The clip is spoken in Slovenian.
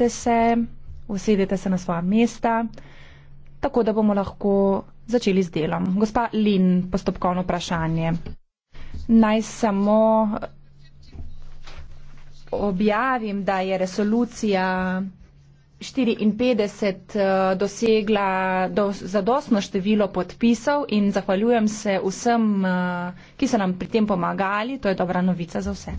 Poglejte se, usedite se na svoja mesta, tako da bomo lahko začeli z delom. Gospa Lin, postopkovno vprašanje. Naj samo objavim, da je resolucija 54 eh, dosegla zadostno število podpisov in zahvaljujem se vsem, eh, ki so nam pri tem pomagali. To je dobra novica za vse.